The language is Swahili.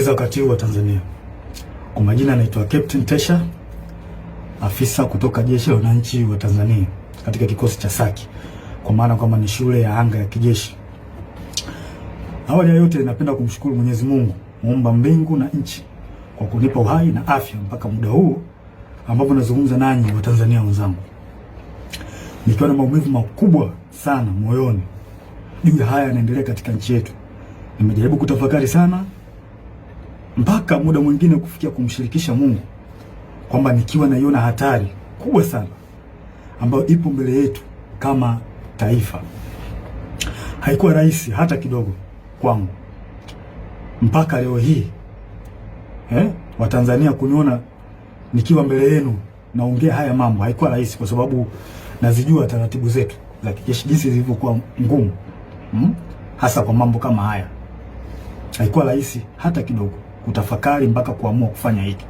za wakati wa Tanzania. Kwa majina anaitwa Captain Tesha, afisa kutoka Jeshi la Wananchi wa Tanzania katika kikosi cha Saki, kwa maana kwamba ni shule ya anga ya kijeshi. Awali ya yote, napenda kumshukuru Mwenyezi Mungu muumba mbingu na nchi kwa kunipa uhai na afya mpaka muda huu ambapo nazungumza nanyi Watanzania wenzangu, nikiwa na maumivu makubwa sana moyoni juu haya yanaendelea katika nchi yetu. Nimejaribu kutafakari sana mpaka muda mwingine kufikia kumshirikisha Mungu kwamba nikiwa naiona hatari kubwa sana ambayo ipo mbele yetu kama taifa. Haikuwa rahisi hata kidogo kwangu mpaka leo hii eh, Watanzania kuniona nikiwa mbele yenu naongea haya mambo, haikuwa rahisi kwa sababu nazijua taratibu zetu za kijeshi jinsi zilivyokuwa ngumu hmm? hasa kwa mambo kama haya haikuwa rahisi hata kidogo kutafakari mpaka kuamua kufanya hiki.